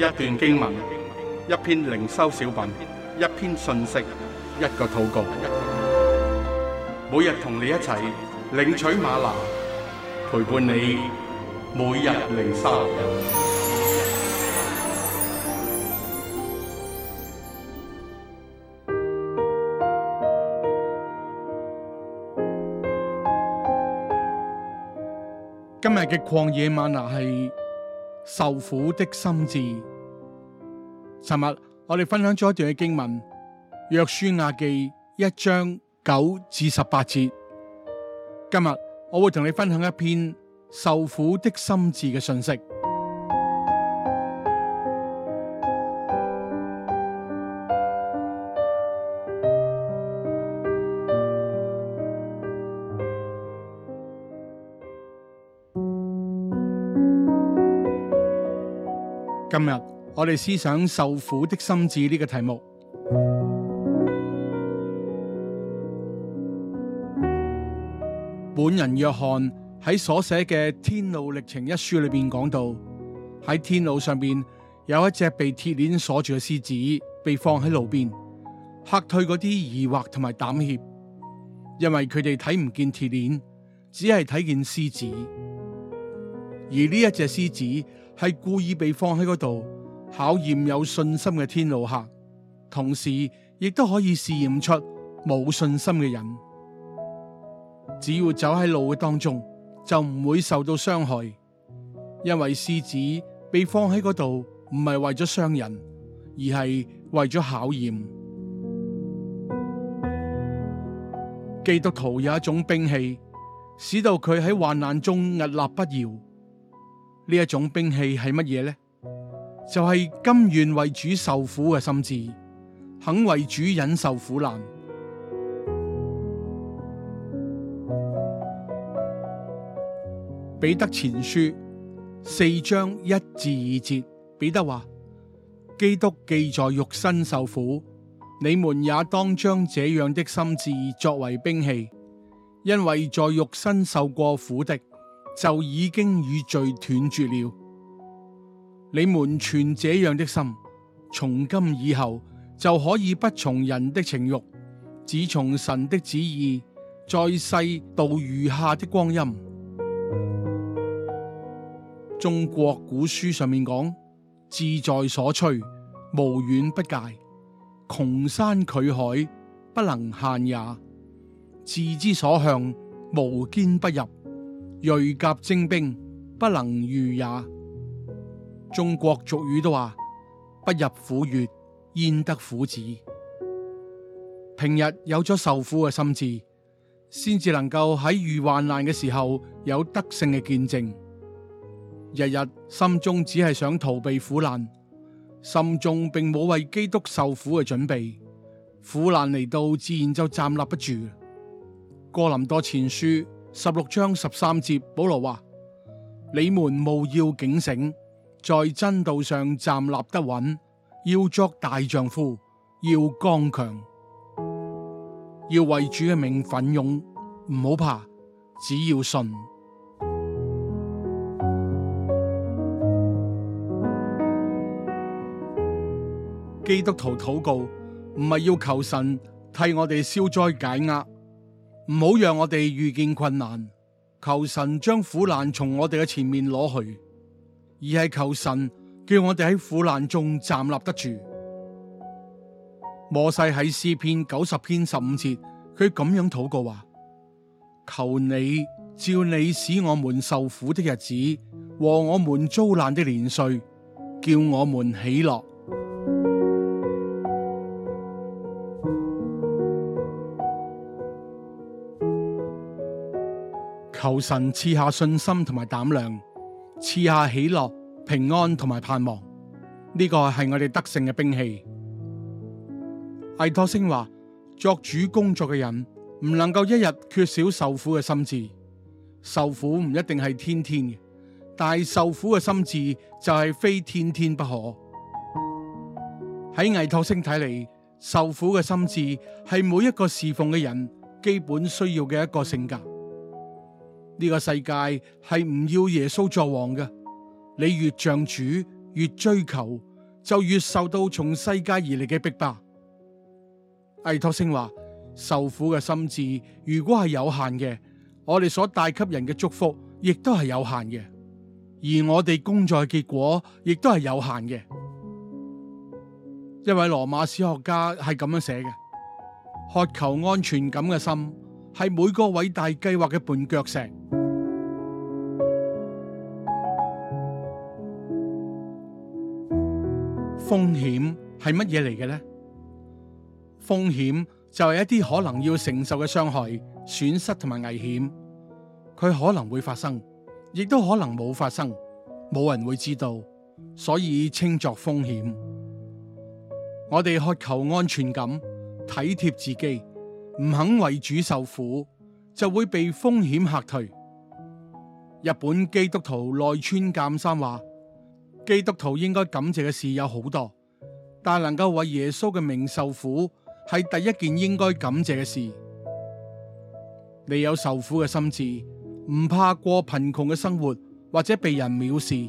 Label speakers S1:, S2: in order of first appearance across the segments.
S1: 一段經文，一篇靈修小品，一篇信息，一個禱告。每日同你一齊領取嗎哪，陪伴你每日靈修。今日嘅曠野嗎哪係。受苦的心志。尋日我哋分享咗一段嘅經文《約書亞記》一章九至十八節。今日我會同你分享一篇受苦的心志嘅信息。今日我哋思想受苦的心志呢個題目。本人約翰喺所寫嘅《天路歷程》一書裏邊講到，喺天路上邊有一隻被鐵鏈鎖住嘅獅子，被放喺路邊嚇退嗰啲疑惑同埋膽怯，因為佢哋睇唔見鐵鏈，只係睇見獅子，而呢一隻獅子。係故意被放喺嗰度，考驗有信心嘅天路客，同時亦都可以試驗出冇信心嘅人。只要走喺路嘅當中，就唔會受到傷害，因為獅子被放喺嗰度唔係為咗傷人，而係為咗考驗。基督徒有一種兵器，使到佢喺患難中屹立不搖。呢一種兵器係乜嘢呢？就係、是、甘願為主受苦嘅心志，肯為主忍受苦難。彼得前書四章一至二節，彼得話：基督既在肉身受苦，你們也當將這樣的心志作為兵器，因為在肉身受過苦的。就已經與罪斷絕了。你們存這樣的心，從今以後就可以不從人的情欲，只從神的旨意，在世度餘下的光陰。中國古書上面講：志在所趨，無遠不屆；窮山巨海，不能限也；志之所向，無堅不入。銳甲精兵不能御也。中國俗語都話：不入虎穴，焉得虎子。平日有咗受苦嘅心志，先至能夠喺遇患難嘅時候有德性嘅見證。日日心中只係想逃避苦難，心中並冇為基督受苦嘅準備，苦難嚟到自然就站立不住。哥林多前書。十六章十三節，保羅話：你們務要警醒，在真道上站立得穩，要作大丈夫，要剛強，要為主嘅名奮勇，唔好怕，只要信。基督徒禱告唔係要求神替我哋消災解壓。唔好讓我哋遇見困難，求神將苦難從我哋嘅前面攞去，而係求神叫我哋喺苦難中站立得住。摩西喺詩篇九十篇十五節，佢咁樣禱告話：求你照你使我們受苦的日子和我們遭難的年歲，叫我們喜樂。求神賜下信心同埋膽量，賜下喜樂、平安同埋盼望，呢、這個係我哋得勝嘅兵器。倪柝聲話：作主工作嘅人唔能夠一日缺少受苦嘅心志，受苦唔一定係天天嘅，但係受苦嘅心志就係非天天不可。喺倪柝聲睇嚟，受苦嘅心志係每一個侍奉嘅人基本需要嘅一個性格。呢個世界係唔要耶穌作王嘅，你越像主越追求，就越受到從世界而嚟嘅逼迫。艾托星話：受苦嘅心志如果係有限嘅，我哋所帶給人嘅祝福亦都係有限嘅，而我哋工作嘅結果亦都係有限嘅。一位羅馬史學家係咁樣寫嘅：渴求安全感嘅心。係每個偉大計劃嘅絆腳石。風險係乜嘢嚟嘅呢？風險就係一啲可能要承受嘅傷害、損失同埋危險，佢可能會發生，亦都可能冇發生，冇人會知道，所以稱作風險。我哋渴求安全感，體貼自己。唔肯為主受苦，就會被風險吓退。日本基督徒內村鑑三話：基督徒應該感謝嘅事有好多，但能夠為耶穌嘅名受苦係第一件應該感謝嘅事。你有受苦嘅心志，唔怕過貧窮嘅生活或者被人藐視，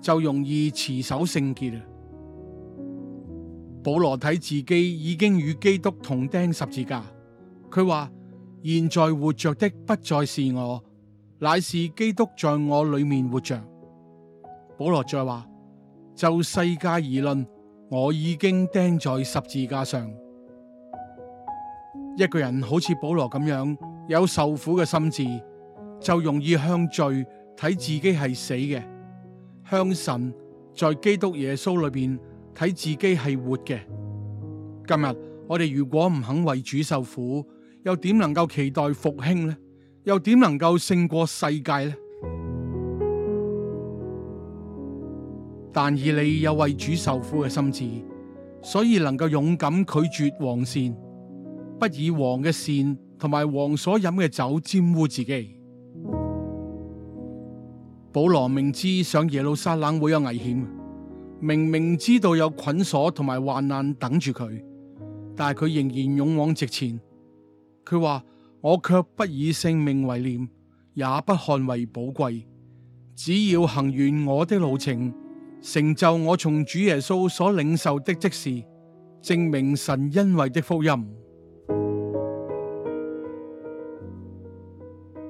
S1: 就容易持守聖潔。保羅睇自己已經與基督同釘十字架。佢話：現在活着的不再是我，乃是基督在我裡面活着。保羅再話：就世界而論，我已經釘在十字架上。一個人好似保羅咁樣有受苦嘅心志，就容易向罪睇自己係死嘅，向神在基督耶穌裏邊睇自己係活嘅。今日我哋如果唔肯為主受苦，又點能夠期待復興呢？又點能夠勝過世界呢？但以理有為主受苦嘅心志，所以能夠勇敢拒絕王膳，不以王嘅膳同埋王所飲嘅酒玷污自己。保羅明知上耶路撒冷會有危險，明明知道有捆鎖同埋患難等住佢，但係佢仍然勇往直前。佢話：我卻不以性命為念，也不看為寶貴，只要行完我的路程，成就我從主耶穌所領受的職事，證明神恩惠的福音。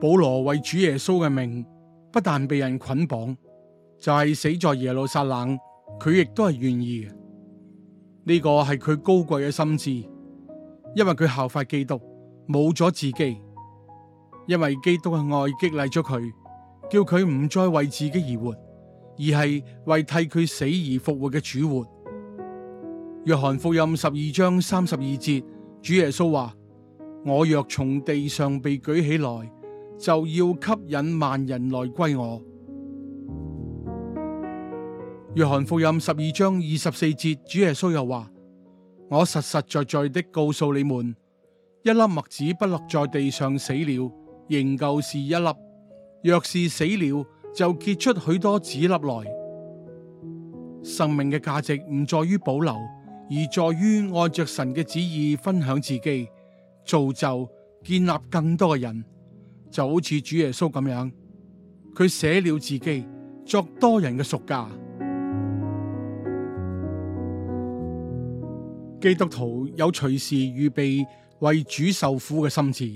S1: 保羅為主耶穌嘅命，不但被人捆綁，就係、是、死在耶路撒冷，佢亦都係願意嘅。呢、這個係佢高貴嘅心志，因為佢效法基督。冇咗自己，因為基督嘅愛激勵咗佢，叫佢唔再為自己而活，而係為替佢死而復活嘅主活。約翰福音十二章三十二節，主耶穌話：我若從地上被舉起來，就要吸引萬人來歸我。約翰福音十二章二十四節，主耶穌又話：我實實在在的告訴你們。一粒麥子不落在地上死了，仍舊是一粒；若是死了，就結出許多子粒來。生命嘅價值唔在於保留，而在於按着神嘅旨意分享自己，造就建立更多嘅人。就好似主耶穌咁樣，佢捨了自己，作多人嘅贖價。基督徒有隨時預備。為主受苦嘅心志，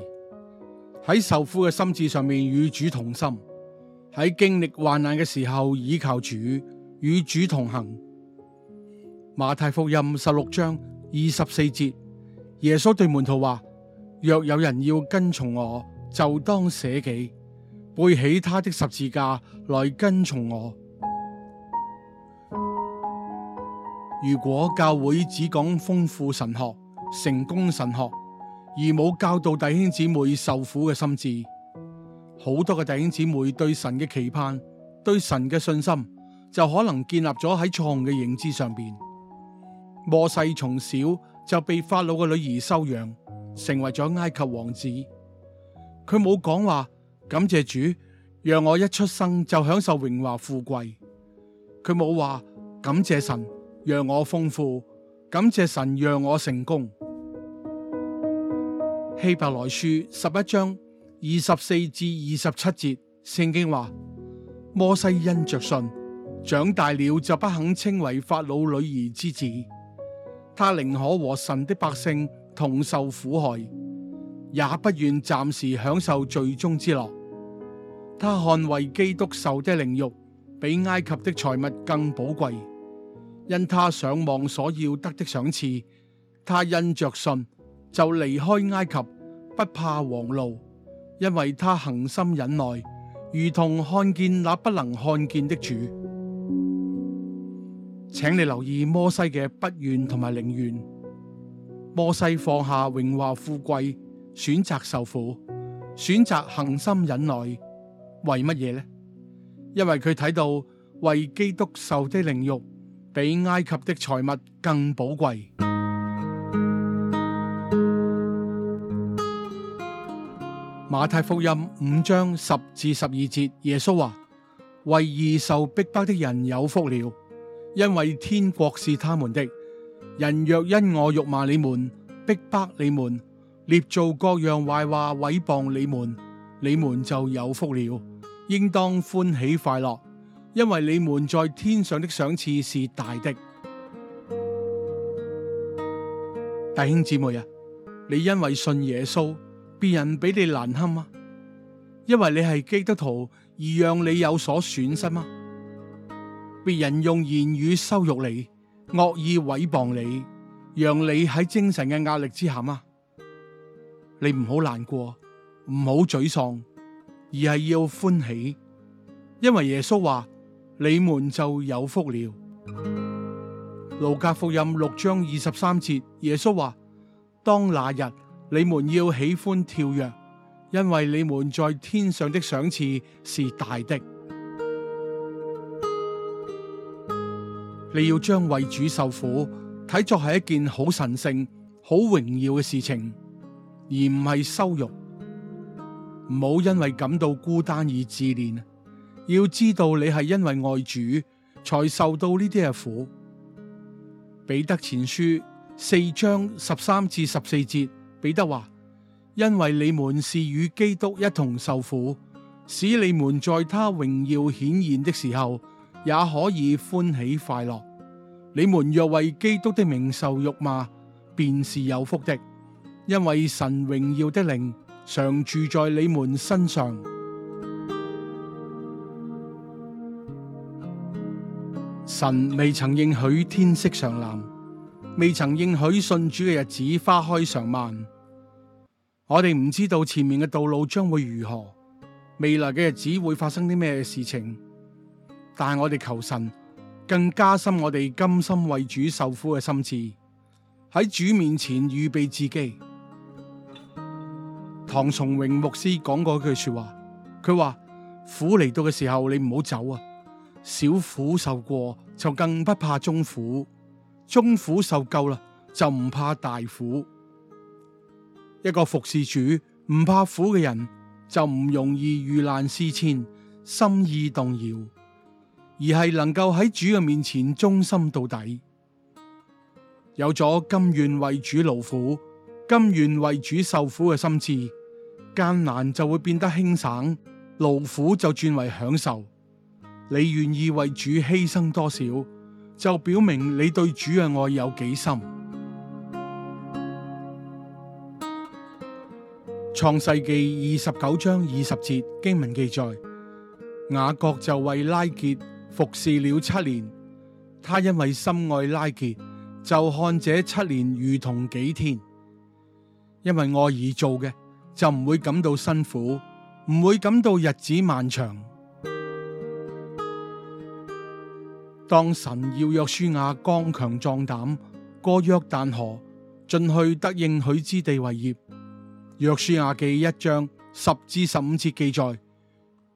S1: 喺受苦嘅心志上面與主同心；喺經歷患難嘅時候倚靠主，與主同行。馬太福音十六章二十四節，耶穌對門徒話：若有人要跟從我，就當捨己，背起他的十字架來跟從我。如果教會只講豐富神學、成功神學，而冇教導弟兄姊妹受苦嘅心志，好多嘅弟兄姊妹對神嘅期盼、對神嘅信心，就可能建立咗喺錯誤嘅認知上邊。摩西從小就被法老嘅女兒收養，成為咗埃及王子。佢冇講話感謝主，讓我一出生就享受榮華富貴。佢冇話感謝神，讓我豐富，感謝神讓我成功。希伯來書十一章二十四至二十七節，聖經話：摩西因着信，長大了就不肯稱為法老女兒之子，他寧可和神的百姓同受苦害，也不願暫時享受罪中之樂。他看為基督受的凌辱，比埃及的財物更寶貴，因他想望所要得的賞賜，他因着信。就離開埃及，不怕王怒，因為他恆心忍耐，如同看見那不能看見的主。請你留意摩西嘅不願同埋寧願，摩西放下榮華富貴，選擇受苦，選擇恆心忍耐，為乜嘢呢？因為佢睇到為基督受的凌辱，比埃及的財物更寶貴。馬太福音五章十至十二節，耶穌話：為義受逼迫的人有福了，因為天國是他們的。人若因我辱罵你們、逼迫你們、捏造各樣壞話、毀謗你們，你們就有福了。應當歡喜快樂，因為你們在天上的賞賜是大的。弟兄姊妹啊，你因為信耶穌。別人俾你難堪嗎？因為你係基督徒而讓你有所損失嗎？別人用言語羞辱你、惡意誹謗你，讓你喺精神嘅壓力之下嗎？你唔好難過，唔好沮喪，而係要歡喜，因為耶穌話你們就有福了。路加福音六章二十三節，耶穌話：當那日。你們要喜歡跳躍，因為你們在天上的賞賜是大的。你要將為主受苦睇作係一件好神聖、好榮耀嘅事情，而唔係羞辱。唔好因為感到孤單而自憐，要知道你係因為愛主，才受到呢啲嘅苦。彼得前書四章十三至十四節。彼得話：因為你們是與基督一同受苦，使你們在他榮耀顯現的時候，也可以歡喜快樂。你們若為基督的名受辱罵，便是有福的，因為神榮耀的靈常住在你們身上。神未曾應許天色常藍，未曾應許信主嘅日子花開常漫。我哋唔知道前面嘅道路將會如何，未來嘅日子會發生啲咩事情，但係我哋求神更加深我哋甘心為主受苦嘅心志，喺主面前預備自己。唐崇榮牧師講過一句說話，佢話苦嚟到嘅時候，你唔好走啊！小苦受過就更不怕中苦，中苦受夠啦，就唔怕大苦。一個服侍主唔怕苦嘅人，就唔容易遇難思遷、心意動搖，而係能夠喺主嘅面前忠心到底。有咗甘願為主勞苦、甘願為主受苦嘅心志，艱難就會變得輕省，勞苦就轉為享受。你願意為主犧牲多少，就表明你對主嘅愛有幾深。創世記二十九章二十節經文記載，雅各就為拉結服侍了七年。他因為深愛拉結，就看這七年如同幾天。因為愛而做嘅，就唔會感到辛苦，唔會感到日子漫長。當神要約書亞剛強壯膽，過約旦河，進去得應許之地為業。約書亞記一章十至十五節記載，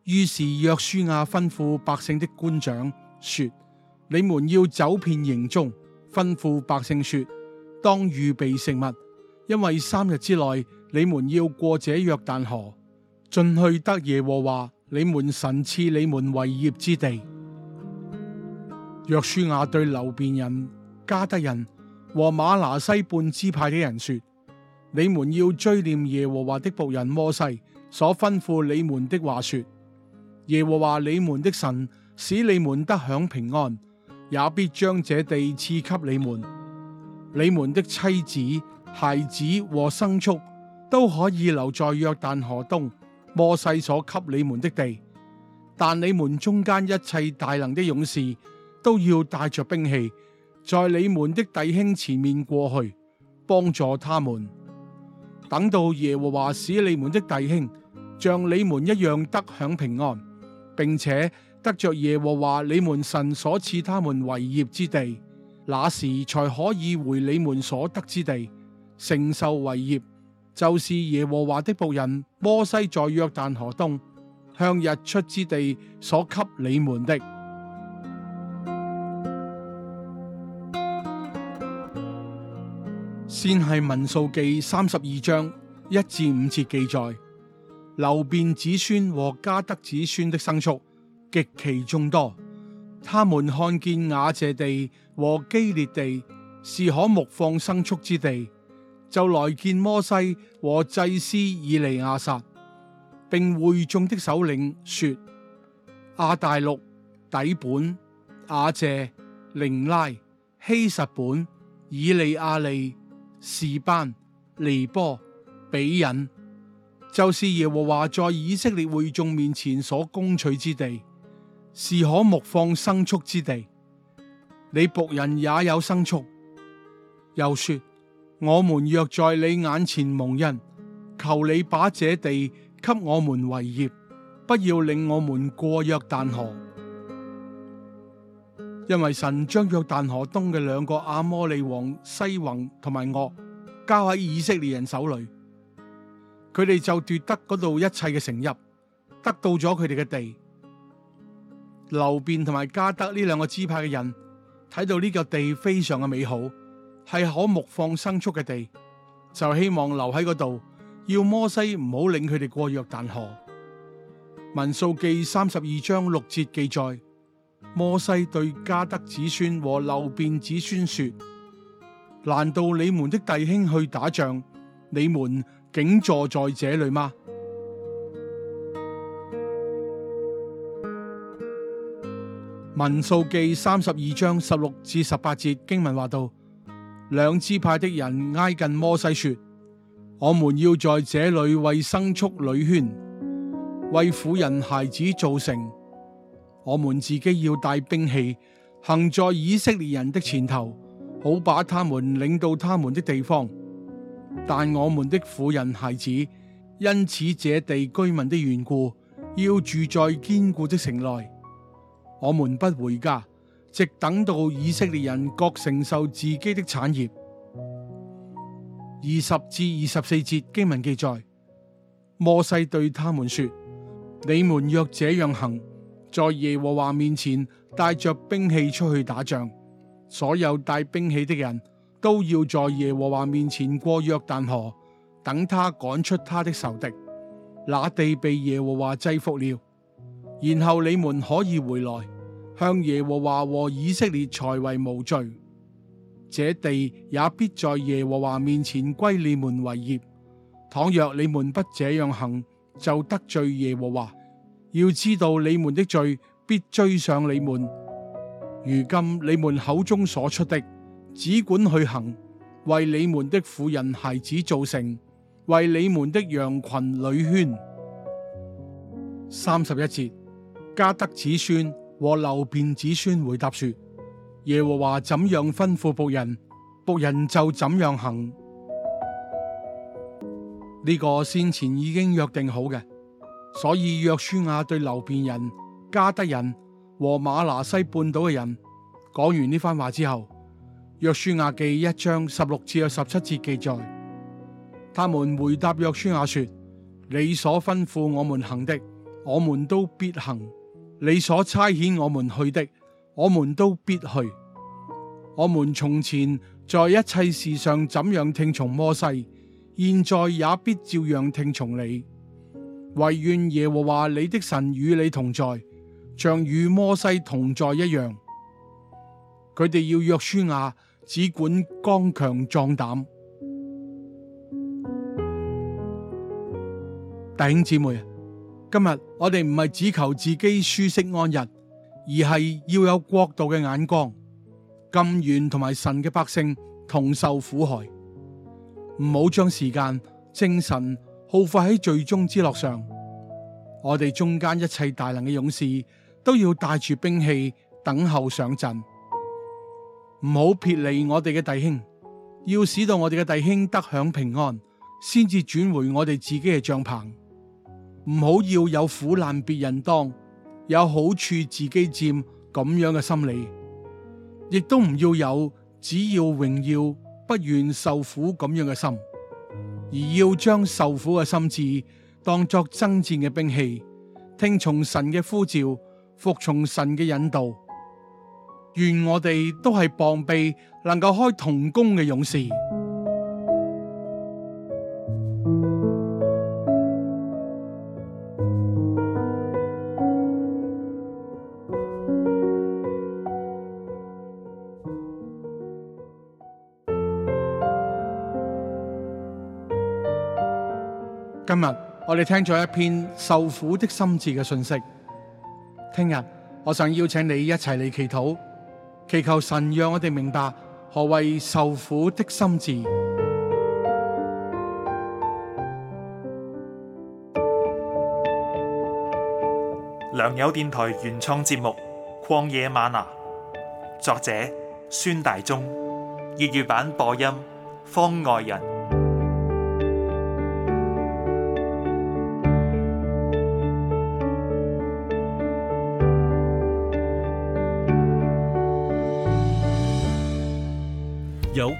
S1: 於是約書亞吩咐百姓的官長說：你們要走遍營中，吩咐百姓說：當預備食物，因為三日之內你們要過這約旦河，進去得耶和華你們神賜你們為業之地。約書亞對流便人、加德人和瑪拿西半支派的人說。你們要追念耶和華的僕人摩西所吩咐你們的話，說：耶和華你們的神使你們得享平安，也必將這地賜給你們。你們的妻子、孩子和牲畜都可以留在約旦河東摩西所給你們的地，但你們中間一切大能的勇士都要帶着兵器，在你們的弟兄前面過去，幫助他們。等到耶和華使你們的弟兄像你們一樣得享平安，並且得着耶和華你們神所賜他們為業之地，那時才可以回你們所得之地承受為業，就是耶和華的僕人摩西在約旦河東向日出之地所給你們的。先係《民數記》三十二章一至五節記載，流便子孫和加得子孫的牲畜極其眾多，他們看見雅謝地和基列地是可牧放牲畜之地，就來見摩西和祭司以利亞撒，並會眾的首領說：亞大祿、底本、雅謝、寧拉、希實本、以利亞利。示班、尼波、比穩，就是耶和華在以色列會眾面前所攻取之地，是可牧放牲畜之地。你僕人也有牲畜。又說：我們若在你眼前蒙恩，求你把這地給我們為業，不要令我們過約旦河。因為神將約旦河東嘅兩個阿摩利王西宏同埋惡交喺以色列人手裏，佢哋就奪得嗰度一切嘅城邑，得到咗佢哋嘅地。流便同埋加德呢兩個支派嘅人睇到呢個地非常嘅美好，係可牧放牲畜嘅地，就希望留喺嗰度。要摩西唔好領佢哋過約旦河。民數記三十二章六節記載。摩西對加德子孫和流便子孫說：難道你們的弟兄去打仗，你們竟坐在這裏嗎？民數記三十二章十六至十八節經文話道：兩支派的人挨近摩西說：我們要在這裏為牲畜女圈，為婦人孩子造城。」我們自己要帶兵器，行在以色列人的前頭，好把他們領到他們的地方。但我們的婦人孩子，因此這地居民的緣故，要住在堅固的城內。我們不回家，直等到以色列人各承受自己的產業。二十至二十四節經文記載，摩西對他們說：你們若這樣行。在耶和華面前帶着兵器出去打仗，所有帶兵器的人都要在耶和華面前過約旦河，等他趕出他的仇敵。那地被耶和華制服了，然後你們可以回來向耶和華和以色列才為無罪。這地也必在耶和華面前歸你們為業。倘若你們不這樣行，就得罪耶和華。要知道你們的罪必追上你們。如今你們口中所出的，只管去行，為你們的婦人孩子造城，為你們的羊群壘圈。三十一節，迦得子孫和流便子孫回答說：耶和華怎樣吩咐僕人，僕人就怎樣行。呢、這個先前已經約定好嘅。所以，約書亞對流便人、迦得人和瑪拿西半島嘅人講完呢番話之後，約書亞記一章十六至十七節記載，他們回答約書亞說：你所吩咐我們行的，我們都必行；你所差遣我們去的，我們都必去。我們從前在一切事上怎樣聽從摩西，現在也必照樣聽從你。唯願耶和華你的神與你同在，像與摩西同在一樣。佢哋要約書亞只管剛強壯膽。弟兄姊妹，今日我哋唔係只求自己舒適安逸，而係要有國度嘅眼光，甘願同埋神嘅百姓同受苦害。唔好將時間、精神，耗費喺最終之樂上，我哋中間一切大能嘅勇士都要帶住兵器等候上陣，唔好撇離我哋嘅弟兄，要使到我哋嘅弟兄得享平安，先至轉回我哋自己嘅帳棚，唔好要，要有苦難別人當，有好處自己佔咁樣嘅心理，亦都唔要有只要榮耀不願受苦咁樣嘅心。而要將受苦嘅心志當作爭戰嘅兵器，聽從神嘅呼召，服從神嘅引導。願我哋都係膀臂能夠開銅弓嘅勇士。我哋聽咗一篇受苦的心志嘅信息，聽日我想邀請你一齊嚟祈禱，祈求神讓我哋明白何謂受苦的心志。良友電台原創節目《曠野嗎哪》，作者孫大中，粵語版播音方外人。